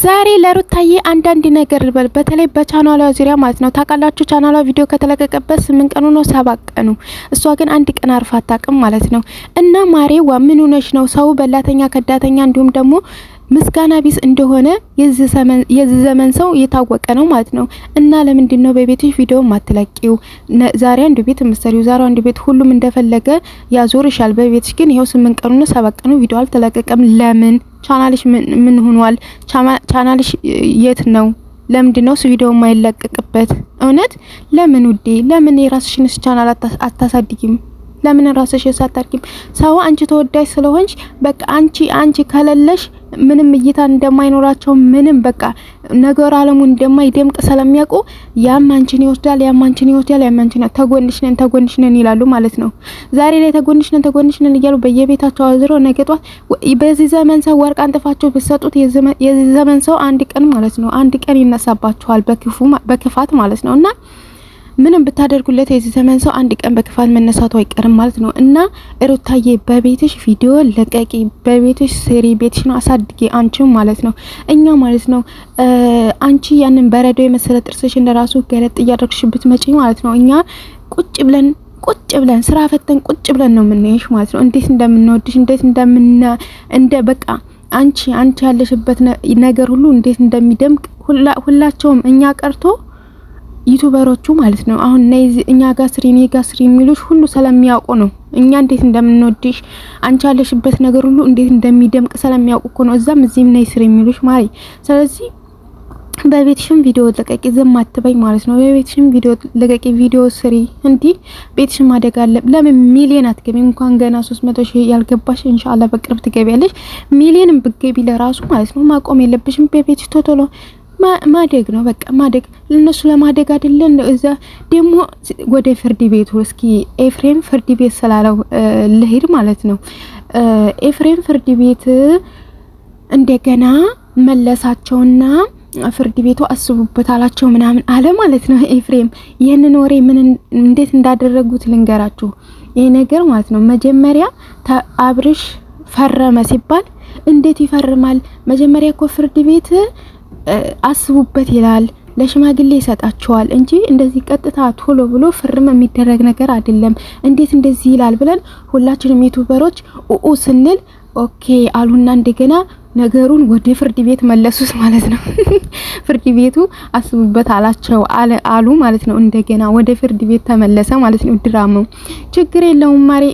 ዛሬ ለሩታዬ አንዳንድ ነገር ልበል፣ በተለይ በቻናሏ ዙሪያ ማለት ነው። ታውቃላችሁ ቻናሏ ቪዲዮ ከተለቀቀበት ስምንት ቀኑ ነው ሰባት ቀኑ፣ እሷ ግን አንድ ቀን አርፋ አታውቅም ማለት ነው። እና ማሬዋ ምን ሆነሽ ነው? ሰው በላተኛ ከዳተኛ እንዲሁም ደግሞ ምስጋና ቢስ እንደሆነ የዚህ ዘመን ሰው የታወቀ ነው ማለት ነው። እና ለምንድን ነው በቤትሽ ቪዲዮ ማትለቂው? ዛሬ አንድ ቤት ምሰሪው፣ ዛሬ አንድ ቤት ሁሉም እንደፈለገ ያዞርሻል። በቤትሽ ግን ይኸው ስምንት ቀኑና ሰባት ቀኑ ቪዲዮ አልተለቀቀም። ለምን? ቻናልሽ ምን ሆኗል? ቻናልሽ የት ነው? ለምንድን ነው ቪዲዮ የማይለቀቅበት? እውነት ለምን ውዴ? ለምን የራስሽንስ ቻናል አታሳድጊም? ለምን ራስሽ አታድጊም? ሰው አንቺ ተወዳጅ ስለሆንሽ በቃ አንቺ አንቺ ከሌለሽ ምንም እይታ እንደማይኖራቸው ምንም በቃ ነገር አለሙ እንደማይደምቅ ስለሚያውቁ ያም አንቺን ይወስዳል፣ ያም አንቺን ይወስዳል፣ ያም አንቺን ተጎንሽ ነን ተጎንሽ ነን ይላሉ ማለት ነው። ዛሬ ላይ ተጎንሽ ነን ተጎንሽ ነን እያሉ በየቤታቸው አዝሮ ነገ ጧት በዚህ ዘመን ሰው ወርቅ አንጥፋቸው ብትሰጡት የዚህ ዘመን ሰው አንድ ቀን ማለት ነው አንድ ቀን ይነሳባቸዋል በክፉ በክፋት ማለት ነውና ምንም ብታደርጉለት የዚህ ዘመን ሰው አንድ ቀን በክፋት መነሳቱ አይቀርም ማለት ነው። እና እሮታዬ በቤትሽ ቪዲዮ ለቀቂ፣ በቤትሽ ስሪ፣ ቤትሽ ነው አሳድጊ፣ አንቺም ማለት ነው እኛ ማለት ነው። አንቺ ያንን በረዶ የመሰለ ጥርስሽ እንደራሱ ገለጥ እያደረግሽበት መጪ ማለት ነው። እኛ ቁጭ ብለን ቁጭ ብለን ስራ ፈተን ቁጭ ብለን ነው የምናይሽ ማለት ነው። እንዴት እንደምንወድሽ እንዴት እንደምን እንደ በቃ አንቺ አንቺ ያለሽበት ነገር ሁሉ እንዴት እንደሚደምቅ ሁላቸውም እኛ ቀርቶ ዩቱበሮቹ ማለት ነው። አሁን እኛ ጋር ስሪ፣ እኔ ጋር ስሪ የሚሉሽ ሁሉ ስለሚያውቁ ነው። እኛ እንዴት እንደምንወድሽ አንቺ ያለሽበት ነገር ሁሉ እንዴት እንደሚደምቅ ስለሚያውቁ እኮ ነው እዛም እዚህም ነይ ስሪ የሚሉሽ ማለት። ስለዚህ በቤትሽም ቪዲዮ ለቀቂ፣ ዝም አትበይ ማለት ነው። በቤትሽም ቪዲዮ ለቀቂ፣ ቪዲዮ ስሪ። እንዲህ ቤትሽም አደጋ አለ። ለምን ሚሊዮን አትገቢ? እንኳን ገና 300 ሺህ ያልገባሽ ኢንሻአላህ በቅርብ ትገቢያለሽ። ሚሊዮንም ብትገቢ ለራሱ ማለት ነው ማቆም የለብሽም። በቤትሽ ቶቶሎ ማደግ ነው በቃ ማደግ ለነሱ ለማደግ አይደለም። እዛ ደግሞ ወደ ፍርድ ቤቱ እስኪ ኤፍሬም ፍርድ ቤት ስላለው ልሄድ ማለት ነው። ኤፍሬም ፍርድ ቤት እንደገና መለሳቸውና ፍርድ ቤቱ አስቡበት አላቸው ምናምን አለ ማለት ነው። ኤፍሬም ይህንን ወሬ ምን እንዴት እንዳደረጉት ልንገራችሁ። ይሄ ነገር ማለት ነው መጀመሪያ አብርሽ ፈረመ ሲባል እንዴት ይፈርማል? መጀመሪያ እኮ ፍርድ ቤት አስቡበት ይላል። ለሽማግሌ ይሰጣቸዋል እንጂ እንደዚህ ቀጥታ ቶሎ ብሎ ፍርም የሚደረግ ነገር አይደለም። እንዴት እንደዚህ ይላል ብለን ሁላችንም ዩቱበሮች ኡኡ ስንል ኦኬ አሉና እንደገና ነገሩን ወደ ፍርድ ቤት መለሱት ማለት ነው። ፍርድ ቤቱ አስቡበት አላቸው አሉ ማለት ነው። እንደገና ወደ ፍርድ ቤት ተመለሰ ማለት ነው። ድራማው ችግር የለውም ማሬ፣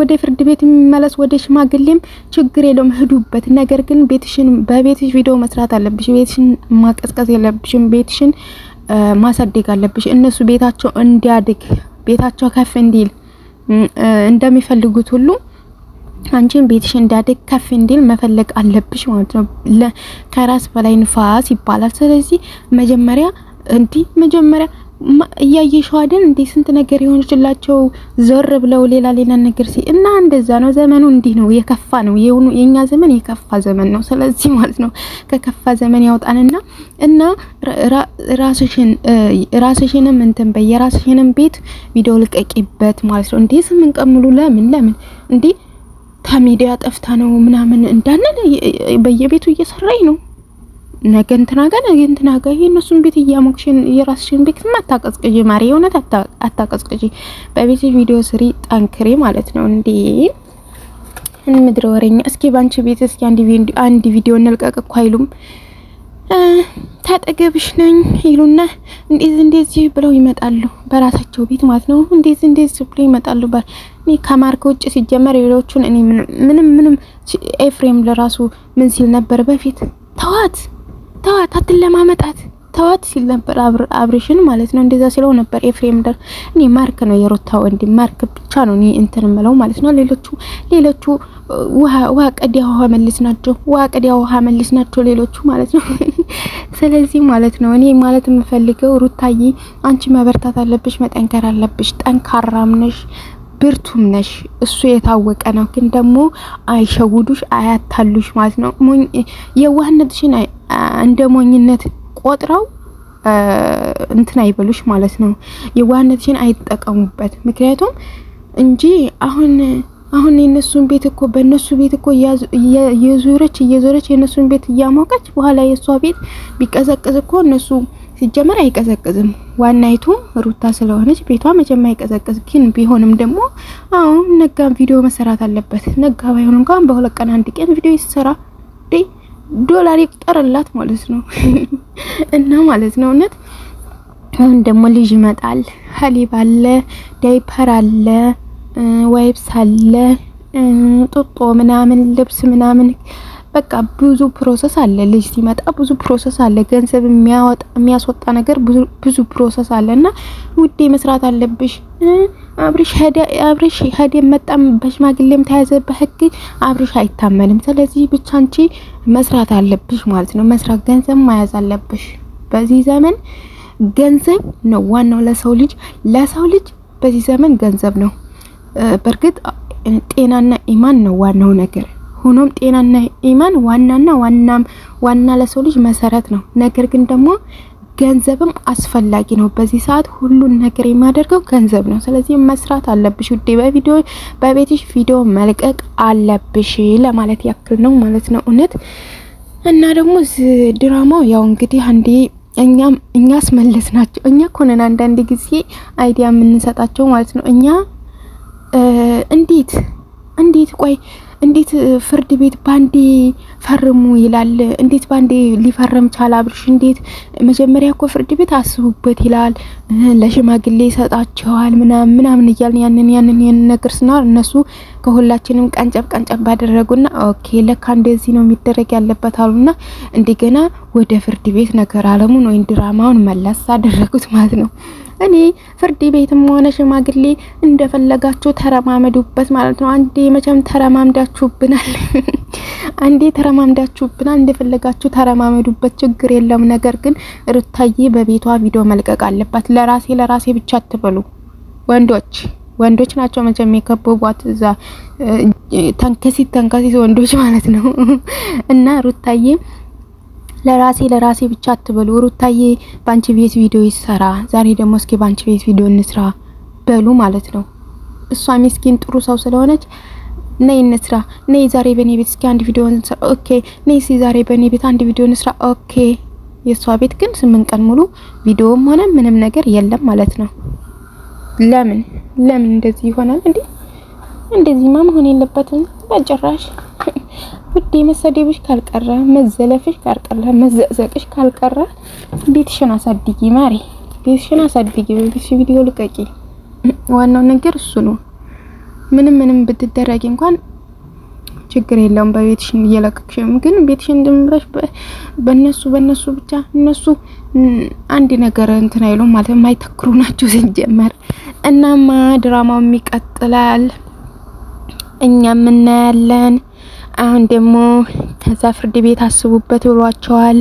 ወደ ፍርድ ቤት የሚመለስ ወደ ሽማግሌም ችግር የለውም ሂዱበት። ነገር ግን ቤትሽን በቤትሽ ቪዲዮ መስራት አለብሽ። ቤትሽን ማቀዝቀዝ የለብሽም። ቤትሽን ማሳደግ አለብሽ። እነሱ ቤታቸው እንዲያድግ ቤታቸው ከፍ እንዲል እንደሚፈልጉት ሁሉ አንቺን ቤትሽ እንዳደግ ከፍ እንዲል መፈለግ አለብሽ ማለት ነው። ከራስ በላይ ንፋስ ይባላል። ስለዚህ መጀመሪያ እንዲ መጀመሪያ እያየሽው አይደል እንዴ? ስንት ነገር የሆነችላቸው ዞር ብለው ሌላ ሌላ ነገር ሲ እና እንደዛ ነው። ዘመኑ እንዲህ ነው፣ የከፋ ነው። የኛ ዘመን የከፋ ዘመን ነው። ስለዚህ ማለት ነው ከከፋ ዘመን ያውጣንና እና ራስሽን ራስሽንም እንትን በየራስሽንም ቤት ቪዲዮ ልቀቂበት ማለት ነው። እንዴ ስምንቀምሉ ለምን ለምን እንዴ ከሚዲያ ጠፍታ ነው ምናምን እንዳንል በየቤቱ እየሰራኝ ነው። ነገ እንትና ጋ ነገ እንትና ጋ ይሄ ቤት እያሞቅሽን የራስሽን ቤት አታቀዝቅጂ ማሪ፣ የእውነት አታቀዝቅጂ። በቤት ቪዲዮ ስሪ ጠንክሬ ማለት ነው እንዴ ምድረ ወረኛ እስኪ ባንቺ ቤት እስኪ አንድ ቪዲዮ እንልቀቅ እኮ አይሉም። ታጠገብሽ ነኝ ይሉና እንዴዝ እንደዚህ ብለው ይመጣሉ። በራሳቸው ቤት ማለት ነው። እንዴዝ እንደዚህ ብለው ይመጣሉ። ባል እኔ ከማርክ ውጭ ሲጀመር ሌሎቹን እኔ ምንም ምንም ኤፍሬም ለራሱ ምን ሲል ነበር በፊት ተዋት ተዋት አትለማመጣት ተዋት ሲል ነበር አብሬሽን ማለት ነው። እንደዛ ሲለው ነበር ኤፍሬም ደር እኔ ማርክ ነው የሮታ ወንድም ማርክ ብቻ ነው እኔ እንትን ምለው ማለት ነው። ሌሎቹ ሌሎቹ ውሃ ቀዲያ ውሃ መልስ ናቸው። ውሃ ቀዲያ ውሃ መልስ ናቸው ሌሎቹ ማለት ነው። ስለዚህ ማለት ነው እኔ ማለት የምፈልገው ሩታዬ፣ አንቺ መበርታት አለብሽ፣ መጠንከር አለብሽ። ጠንካራም ነሽ ብርቱም ነሽ፣ እሱ የታወቀ ነው። ግን ደግሞ አይሸውዱሽ፣ አያታሉሽ ማለት ነው። የዋህነትሽን እንደ ሞኝነት ቆጥረው እንትን አይበሉሽ ማለት ነው። የዋህነትሽን አይጠቀሙበት ምክንያቱም እንጂ አሁን አሁን የነሱን ቤት እኮ በእነሱ ቤት እኮ እየዞረች እየዞረች የነሱን ቤት እያሞቀች በኋላ የእሷ ቤት ቢቀዘቅዝ እኮ እነሱ ሲጀመር አይቀዘቅዝም። ዋናይቱ ሩታ ስለሆነች ቤቷ መቼም አይቀዘቅዝ። ግን ቢሆንም ደግሞ አሁን ነጋ ቪዲዮ መሰራት አለበት። ነጋ ባይሆን እንኳን በሁለት ቀን አንድ ቀን ቪዲዮ ይሰራ ዴ ዶላር ይቁጠርላት ማለት ነው። እና ማለት ነው እውነት አሁን ደግሞ ልጅ ይመጣል። ሀሊብ አለ፣ ዳይፐር አለ ዋይፕስ አለ ጡጦ ምናምን ልብስ ምናምን በቃ ብዙ ፕሮሰስ አለ። ልጅ ሲመጣ ብዙ ፕሮሰስ አለ። ገንዘብ የሚያስወጣ ነገር ብዙ ፕሮሰስ አለ እና ውዴ መስራት አለብሽ። አብርሽ ሄደ መጣም በሽማግሌም ተያዘ በህግ አብርሽ አይታመንም። ስለዚህ ብቻ አንቺ መስራት አለብሽ ማለት ነው። መስራት ገንዘብ መያዝ አለብሽ። በዚህ ዘመን ገንዘብ ነው ዋናው ለሰው ልጅ ለሰው ልጅ በዚህ ዘመን ገንዘብ ነው። በእርግጥ ጤናና ኢማን ነው ዋናው ነገር። ሆኖም ጤናና ኢማን ዋናና ዋናም ዋና ለሰው ልጅ መሰረት ነው። ነገር ግን ደግሞ ገንዘብም አስፈላጊ ነው። በዚህ ሰዓት ሁሉን ነገር የሚያደርገው ገንዘብ ነው። ስለዚህ መስራት አለብሽ ውዴ፣ በቪዲዮ በቤትሽ ቪዲዮ መልቀቅ አለብሽ ለማለት ያክል ነው ማለት ነው። እውነት እና ደግሞ ድራማው ያው እንግዲህ አንዴ እኛም እኛ አስመለስ ናቸው። እኛ ኮነን አንዳንድ ጊዜ አይዲያ የምንሰጣቸው ማለት ነው እኛ እንዴት እንዴት ቆይ እንዴት ፍርድ ቤት ባንዴ ፈርሙ ይላል? እንዴት ባንዴ ሊፈርም ቻለ አብርሽ? እንዴት መጀመሪያ እኮ ፍርድ ቤት አስቡበት ይላል፣ ለሽማግሌ ይሰጣቸዋል ምናምን ምናምን እያልን ያንን ያንን ያንን ነገር ስናወር እነሱ ከሁላችንም ቀንጨብ ቀንጨብ ባደረጉና ኦኬ ለካ እንደዚህ ነው የሚደረግ ያለበት አሉና እንደገና ወደ ፍርድ ቤት ነገር አለሙን ወይም ድራማውን መለስ አደረጉት ማለት ነው። እኔ ፍርድ ቤትም ሆነ ሽማግሌ እንደፈለጋችሁ ተረማመዱበት ማለት ነው። አንዴ መቼም ተረማምዳችሁብናል፣ አንዴ ተረማምዳችሁብናል። እንደፈለጋችሁ ተረማመዱበት፣ ችግር የለም። ነገር ግን ሩታዬ በቤቷ ቪዲዮ መልቀቅ አለባት። ለራሴ ለራሴ ብቻ አትበሉ ወንዶች ወንዶች ናቸው መቼም የከበቧት እዛ ተንከሲት ተንከሲት ወንዶች ማለት ነው እና ሩታዬ ለራሴ ለራሴ ብቻ አትበሉ። ሩታዬ ባንቺ ቤት ቪዲዮ ይሰራ፣ ዛሬ ደግሞ እስኪ ባንቺ ቤት ቪዲዮ እንስራ በሉ ማለት ነው። እሷ ሚስኪን ጥሩ ሰው ስለሆነች ነይ እንስራ፣ ነይ ዛሬ በኔ ቤት እስኪ አንድ ቪዲዮ እንስራ፣ ኦኬ፣ ነይ እስኪ ዛሬ በኔ ቤት አንድ ቪዲዮ እንስራ፣ ኦኬ። የእሷ ቤት ግን ስምንት ቀን ሙሉ ቪዲዮም ሆነ ምንም ነገር የለም ማለት ነው። ለምን ለምን እንደዚህ ይሆናል እንዴ? እንደዚህማ መሆን የለበትም በጭራሽ። ውዴ መሰደብሽ ካልቀረ መዘለፍሽ ካልቀረ መዘቅዘቅሽ ካልቀረ ቤትሽን አሳድጊ ማሪ፣ ቤትሽን አሳድጊ። በቤትሽ ቪዲዮ ልቀቂ። ዋናው ነገር እሱ ነው። ምንም ምንም ብትደረጊ እንኳን ችግር የለውም። በቤትሽን እየለቀቅሽም ግን ቤትሽን እንደምረሽ በነሱ በነሱ ብቻ እነሱ አንድ ነገር እንትን አይሉም ማለት የማይተክሩ ናቸው ሲጀመር። እናማ ድራማውም ይቀጥላል እኛም እናያለን። አሁን ደግሞ ከዛ ፍርድ ቤት አስቡበት ብሏቸዋል።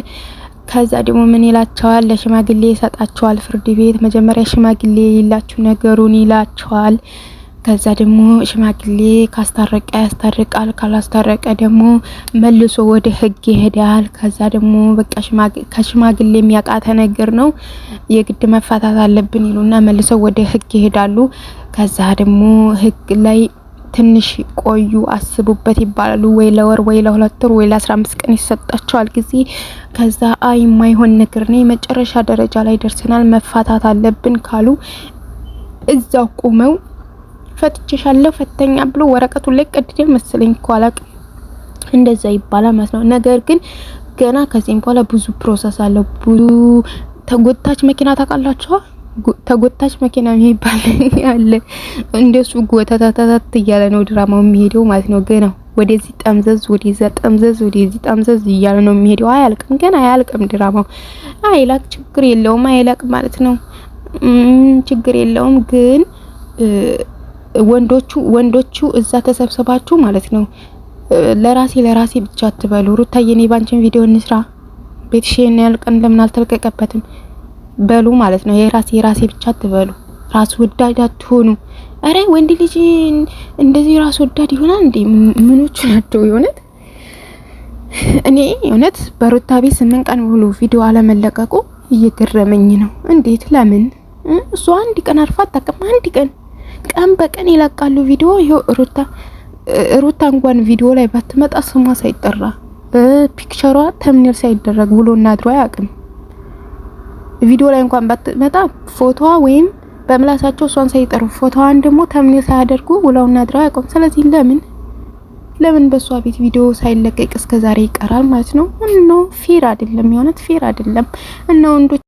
ከዛ ደግሞ ምን ይላቸዋል? ለሽማግሌ ይሰጣቸዋል። ፍርድ ቤት መጀመሪያ ሽማግሌ ይላችሁ ነገሩን ይላቸዋል። ከዛ ደግሞ ሽማግሌ ካስታረቀ ያስታርቃል፣ ካላስታረቀ ደግሞ መልሶ ወደ ህግ ይሄዳል። ከዛ ደግሞ በቃ ከሽማግሌ የሚያቃተ ነገር ነው የግድ መፋታት አለብን ይሉና መልሰው ወደ ህግ ይሄዳሉ። ከዛ ደግሞ ህግ ላይ ትንሽ ቆዩ፣ አስቡበት ይባላሉ። ወይ ለወር ወይ ለሁለት ወር ወይ ለአስራ አምስት ቀን ይሰጣቸዋል ጊዜ። ከዛ አይ የማይሆን ነገር ነው የመጨረሻ ደረጃ ላይ ደርሰናል መፋታት አለብን ካሉ እዛው ቆመው ፈትቼሻለሁ ፈተኛ ብሎ ወረቀቱን ላይ ቀድደ መሰለኝ ኳላቅ እንደዛ ይባላል ማለት ነው። ነገር ግን ገና ከዚህም በኋላ ብዙ ፕሮሰስ አለው። ብዙ ተጎታች መኪና ታውቃላችኋል። ተጎታች መኪና የሚባል ያለ እንደሱ ጎተታታታት እያለ ነው ድራማው የሚሄደው ማለት ነው። ገና ወደዚህ ጠምዘዝ ወደዛ ጠምዘዝ ወደዚህ ጠምዘዝ እያለ ነው የሚሄደው። አያልቅም፣ ገና አያልቅም ድራማው። አይላቅ ችግር የለውም አይላቅ ማለት ነው። ችግር የለውም ግን ወንዶቹ ወንዶቹ እዛ ተሰብስባችሁ ማለት ነው። ለራሴ ለራሴ ብቻ አትበሉ። ሩታየኔ የኔ ባንቺን ቪዲዮ እንስራ ቤትሽን ያልቀን ለምን አልተለቀቀበትም? በሉ ማለት ነው። የራሴ የራሴ ብቻ አትበሉ፣ ራስ ወዳድ አትሆኑ። አረ ወንድ ልጅ እንደዚህ ራስ ወዳድ ይሆናል እንዴ? ምኖቹ ናቸው የእውነት እኔ እውነት በሩታ ቤት ስምንት ቀን ሙሉ ቪዲዮ አለመለቀቁ እየገረመኝ ነው። እንዴት ለምን እሱ አንድ ቀን አርፋ አታውቅም? አንድ ቀን ቀን በቀን ይለቃሉ ቪዲዮ። ይሄው ሩታ ሩታ እንኳን ቪዲዮ ላይ ባትመጣ ስሟ ሳይጠራ በፒክቸሯ ተምኔል ሳይደረግ ውሎና እናድሮ አያውቅም። ቪዲዮ ላይ እንኳን ባትመጣ ፎቶዋ ወይም በምላሳቸው እሷን ሳይጠሩ ፎቶዋን ደግሞ ተምኔ ሳያደርጉ ውለውና ድረው አያውቁም። ስለዚህ ለምን ለምን በእሷ ቤት ቪዲዮ ሳይለቀቅ እስከ ዛሬ ይቀራል ማለት ነው? ነው ፌር አይደለም፣ የሆነት ፌር አይደለም። እና ወንዶች